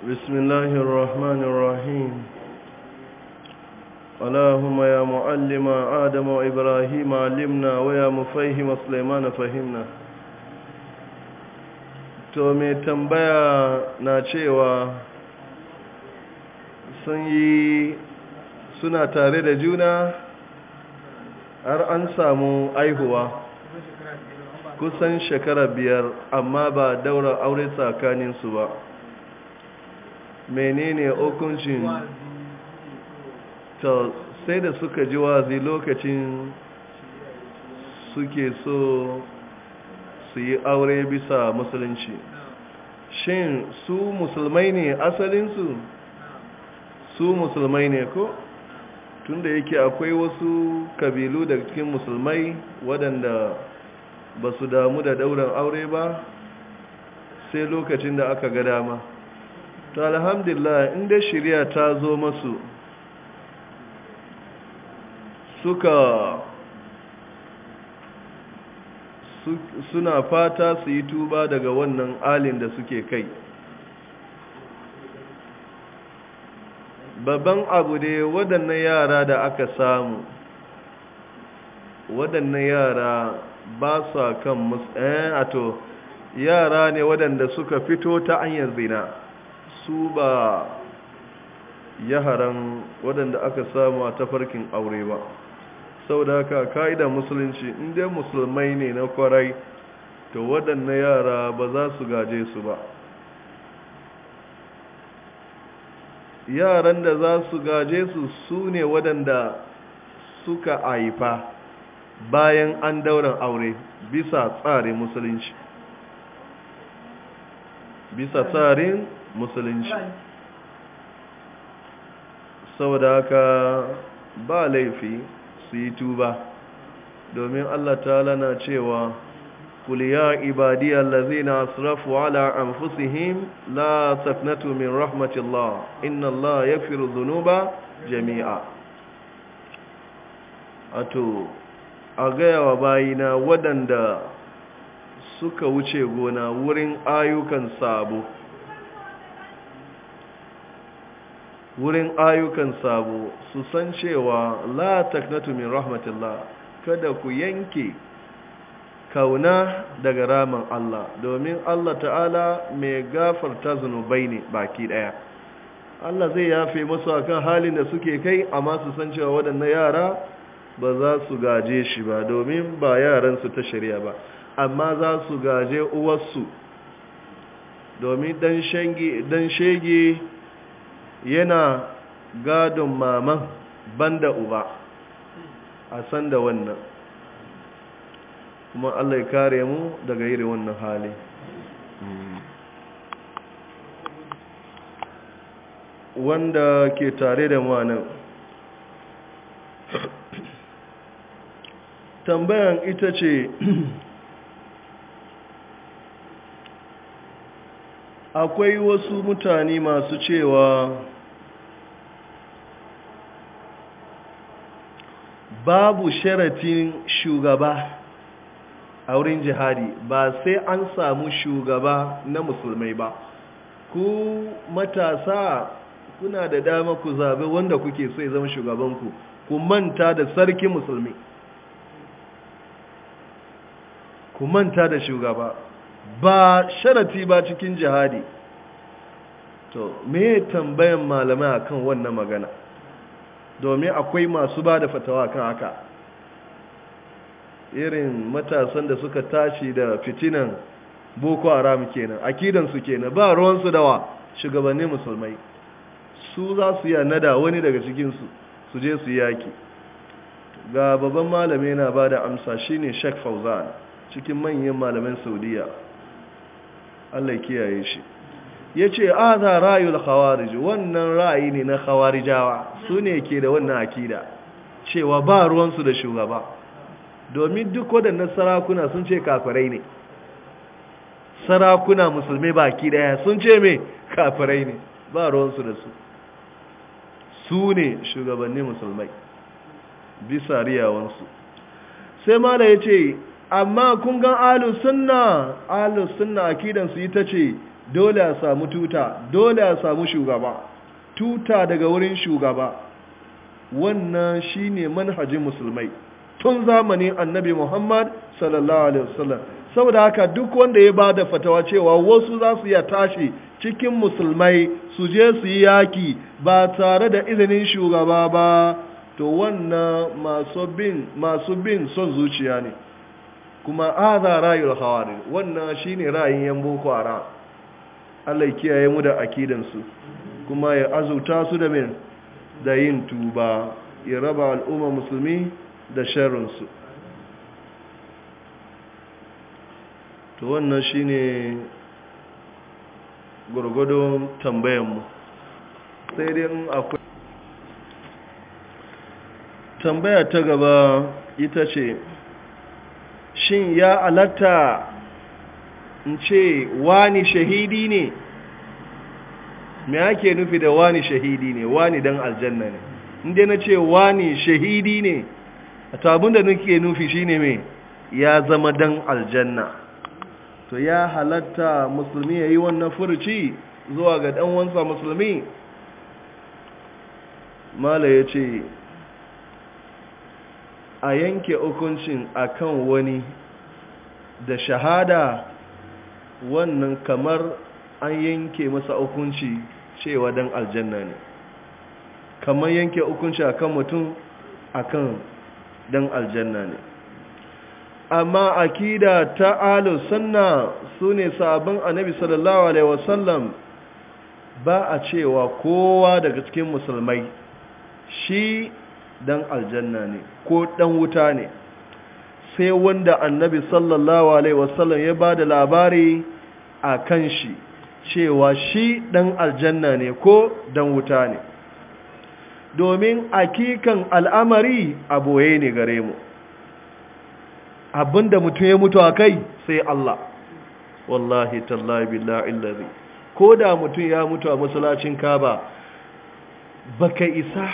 بسم الله الرحمن الرحيم اللهم يا معلم آدم وإبراهيم علمنا ويا مفهم سليمان فهمنا to mai tambaya na cewa sun yi suna tare da juna har an samu aihuwa kusan shekara biyar amma ba daura aure tsakaninsu ba menene hukuncin ta sai da suka ji wazi lokacin suke so su yi aure bisa musulunci shin su musulmai ne asalinsu su musulmai ne ko tunda yake akwai wasu kabilu da cikin musulmai waɗanda ba su damu da ɗaurin aure ba sai lokacin da aka ga dama to alhamdulillah inda shirya ta zo masu suka su, suna fata su yi tuba daga wannan alin da suke kai babban abu da waɗannan yara da aka samu waɗannan yara ba su kan musamman eh, ato yara ne waɗanda suka fito ta hanyar zina su ba yaharan waɗanda aka samu a tafarkin aure ba Sau da haka ka'ida musulunci inda musulmai ne na kwarai to waɗannan yara ba za su gaje su ba yaran da za su gaje su su ne waɗanda suka haifa bayan an daura aure bisa tsarin musulunci bisa tsarin musulunci saboda haka ba laifi su yi tuba domin Allah ta'ala na cewa kul ya ibadiyal ladzina asrafu ala anfusihim la taqnatu min rahmatillah inna Allah yaghfiru dhunuba jami'a to a gaya wa bayina waɗanda suka wuce gona wurin ayyukan sabo wurin ayyukan sabo su san cewa la taknatu min rahmatillah kada ku yanke kauna daga ramin Allah domin Allah ta'ala mai gafarta zunubai ne baki daya Allah zai yafe musu akan halin da suke kai amma su san cewa waɗannan yara ba za su gaje shi ba domin ba yaran su ta shari'a ba amma za su gaje uwarsu domin dan shege yana gadon maman banda uba a san da wannan kuma Allah ya kare mu daga irin wannan hali wanda ke tare da mu nan tambayan ita ce akwai wasu mutane masu cewa babu sharatin shugaba a wurin jihadi ba sai an samu shugaba na musulmai ba ku matasa kuna da dama ku zabe wanda kuke sai zama shugabanku ku manta da sarki musulmi ku manta da shugaba ba sharati ba cikin jihadi to me tambayan malamai akan wannan magana domin akwai masu ba da fatawa kan haka irin matasan da suka tashi da fitinan boko haram kenan akidansu kenan ba ruwansu dawa shugabannin musulmai su za su yi nada wani daga cikinsu su je su yaki ga babban malamai na ba da amsa shine sheikh fauzan cikin manyan malaman saudiya Allah ya kiyaye shi ya ce aza rayul khawarij wannan ra'ayi ne na khawarijawa su ne ke da wannan akida cewa ba ruwansu da shugaba domin duk waɗannan sarakuna sun ce kafirai ne sarakuna musulmi baki daya sun ce me kafirai ne ba ruwansu da su su ne shugabanni musulmai bisa riyawansu sai mala ya ce amma kun gan alusunna sunna ahlus sunna akidan su ita ce dole a samu tuta dole a samu shugaba tuta daga wurin shugaba wannan shine manhajin musulmai tun zamanin annabi Muhammad sallallahu alaihi wasallam saboda haka duk wanda ya bada fatawa cewa wasu za su ya tashi cikin musulmai su je su yi yaki ba tare da izinin shugaba ba to wannan masu bin son zuciya ne kuma aza da hawari wannan shine ra'ayin yan boko ara Allah ya kiyaye mu da akidan su kuma ya azuta su da min da yin tuba ya raba al'umma musulmi da sharinsu. to wannan shine ne tambayan mu sai dai akwai tambaya ta gaba ita ce shin ya alatta in ce wani shahidi ne me ake nufi da wani shahidi ne wani dan aljanna ne inda na ce wani shahidi ne a tabun da nake nufi shine me ya zama dan aljanna to ya halatta musulmi ya yi wannan furuci zuwa ga ɗanwansa musulmi mala ya ce a yanke hukuncin akan wani da shahada wannan kamar an yanke masa hukunci cewa dan aljanna ne kamar yanke hukunci akan mutum akan dan aljanna ne amma akida ta alu sunna sune sabon annabi sallallahu alaihi wasallam ba a cewa kowa daga cikin musulmai shi dan aljanna ne ko dan wuta ne sai wanda annabi sallallahu alaihi wasallam ya ba da labari a kan shi cewa shi dan aljanna ne ko dan wuta ne domin akikan al'amari aboye ne gare mu abinda mutum ya mutu a kai sai Allah wallahi tallahi billahi illazi ko da mutum ya mutu a masallacin kaba baka isa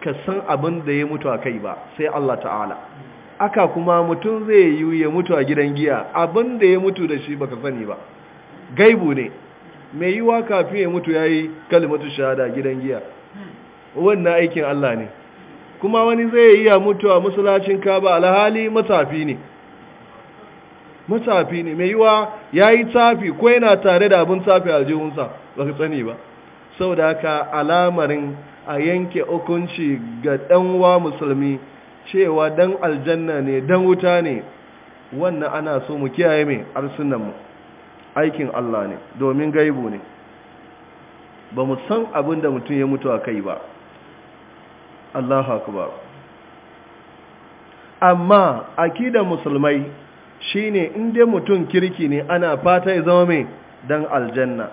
ka san abin da ya mutu a kai ba sai Allah ta'ala aka kuma mutum zai yi ya mutu a gidan giya abin da ya mutu da shi baka sani ba gaibu ne mai yiwa kafin ya mutu ya yi kalimatu shahada gidan giya wannan aikin Allah ne kuma wani zai yi ya mutu a musulacin kaba alhali matafi ne matafi ne mai yiwa ya yi tafi ko yana tare da abin tafi a jihunsa ba ka sani ba saboda haka alamarin a yanke hukunci ga ɗanwa musulmi cewa dan aljanna ne dan wuta ne wannan ana so mu kiyaye mai arsunanmu aikin Allah ne domin gaibu ne ba mu san abin da mutum ya mutu a kai ba Allahu akbar amma akidan musulmai shine inda mutum kirki ne ana fata ya zama mai dan aljanna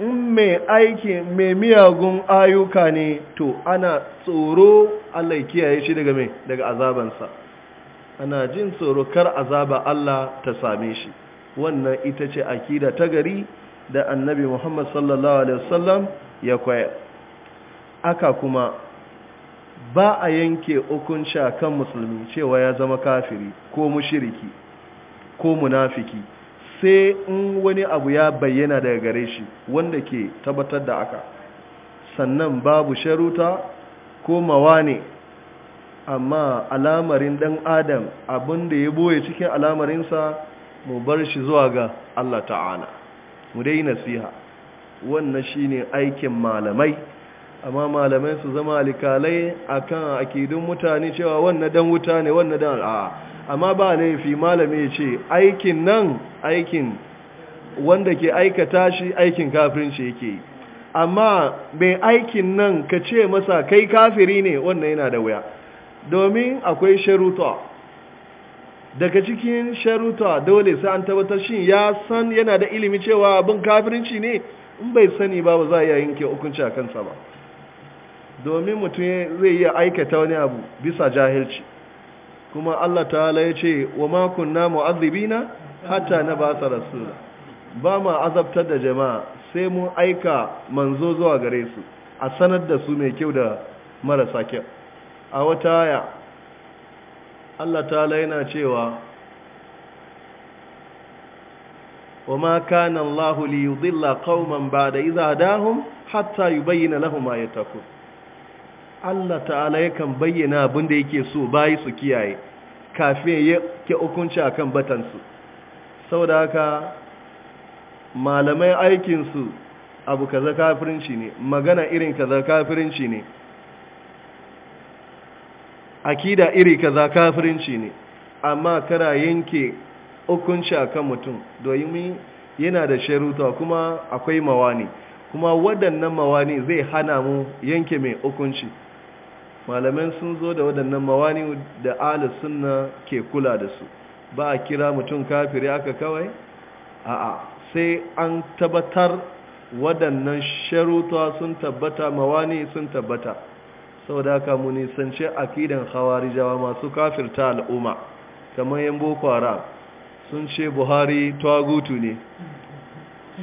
in mai aiki mai miyagun ayuka ne to ana tsoro Allah kiyaye shi daga mai daga azabansa ana jin tsoro kar azaba Allah ta same shi wannan ita ce akida ta gari da annabi Muhammad sallallahu alaihi wasallam ya koyar aka kuma ba a yanke hukunci kan musulmi cewa ya zama kafiri ko mushriki ko munafiki sai in wani abu ya bayyana daga gare shi wanda ke tabbatar da aka sannan babu sharuta ko ne. amma alamarin dan adam abin da ya boye cikin alamarinsa mu bar shi zuwa ga Allah ta'ala mu dai nasiha wannan shine aikin malamai amma malamai su zama alikalai a kan akidun mutane cewa wannan dan wuta ne wannan dan al'a amma ba laifi malami ya ce aikin nan aikin wanda ke aikata shi aikin kafirinci yake amma mai aikin nan ka ce masa kai kafiri ne wannan yana da wuya domin akwai sharuta daga cikin sharuta dole sai an tabbatar shi ya san yana da ilimi cewa abin kafirinci ne in bai sani ba ba za a yayin ke hukunci a kansa ba domin mutum zai iya aikata wani abu bisa jahilci kuma Allah ta'ala ya ce wa ma kunna na? Hata na ba sa rasula ba ma azabtar da jama'a sai mun aika manzo zuwa gare su a sanar da su mai kyau da marasa kyau a wata aya Allah ta'ala yana cewa wa ma kana zilla kauman ba da ba'da dahun? Hata yi bayyana lahun ma tafi Allah ta'ala yakan bayyana abin da yake so bayi su kiyaye kafin ya ke hukunci akan batansu saboda haka malamai aikinsu abu kaza kafirinci ne magana irin kaza kafirinci ne akida iri kaza kafirinci ne amma kara yanke hukunci akan mutum domin yana da sharuta kuma akwai mawani kuma waɗannan mawani zai hana mu yanke mai hukunci malamai sun zo da waɗannan mawani da ala sunna ke kula da su ba a kira mutum kafiri aka kawai a'a sai an tabbatar waɗannan sharuta sun tabbata mawani sun tabbata Sau saboda haka mu nisance akidan hawarijawa masu kafirta al'umma kamar yan boko haram sun ce buhari tuwagutu ne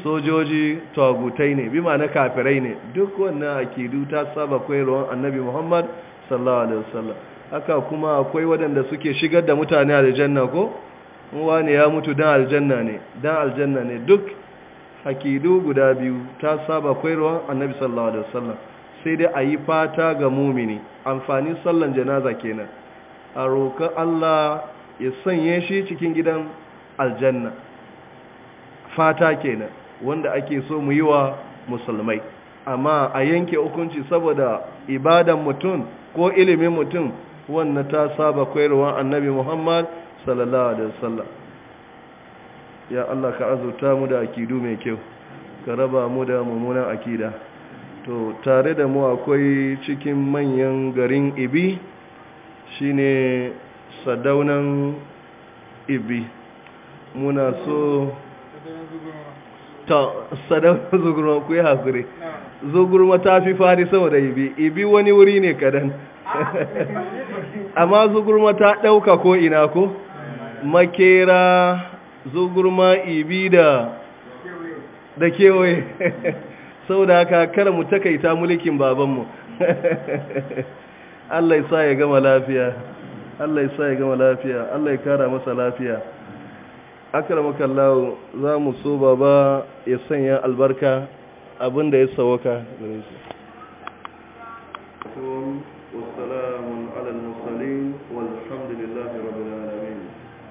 sojoji tuwagutai ne bi ma na kafirai ne duk wannan akidu ta saba koyarwar annabi muhammad sallallahu alaihi wasallam haka kuma akwai waɗanda suke shigar da mutane aljanna ko wani ya mutu dan aljanna ne dan aljanna ne duk hakidu guda biyu ta saba ruwan annabi sallallahu alaihi wasallam sai dai ayi fata ga mumini amfani sallan janaza kenan a Allah ya sanye shi cikin gidan aljanna fata kenan wanda ake so mu yi wa musulmai amma a yanke hukunci saboda ibadan mutum ko ilimin mutum wannan ta saba koyarwa annabi Muhammad sallallahu alaihi wasallam ya Allah ka azurta mu da akidu mai kyau ka raba mu da mummunan akida to tare da mu akwai cikin manyan garin Ibi shine sadaunan Ibi muna so ta sadaunar zugurma ku yi hakuri zugurma ta fi fari sama da ibi ibi wani wuri ne kadan amma zugurma ta ɗauka ko ina ko makera zugurma ibi da da kewaye sau da haka kada mu takaita mulkin babanmu Allah ya sa ya gama lafiya Allah ya sa ya gama lafiya Allah ya kara masa lafiya akaramaka Allah za mu so baba ya sanya albarka abinda ya sawaka gare shi wassalamu ala al-mursalin walhamdulillahi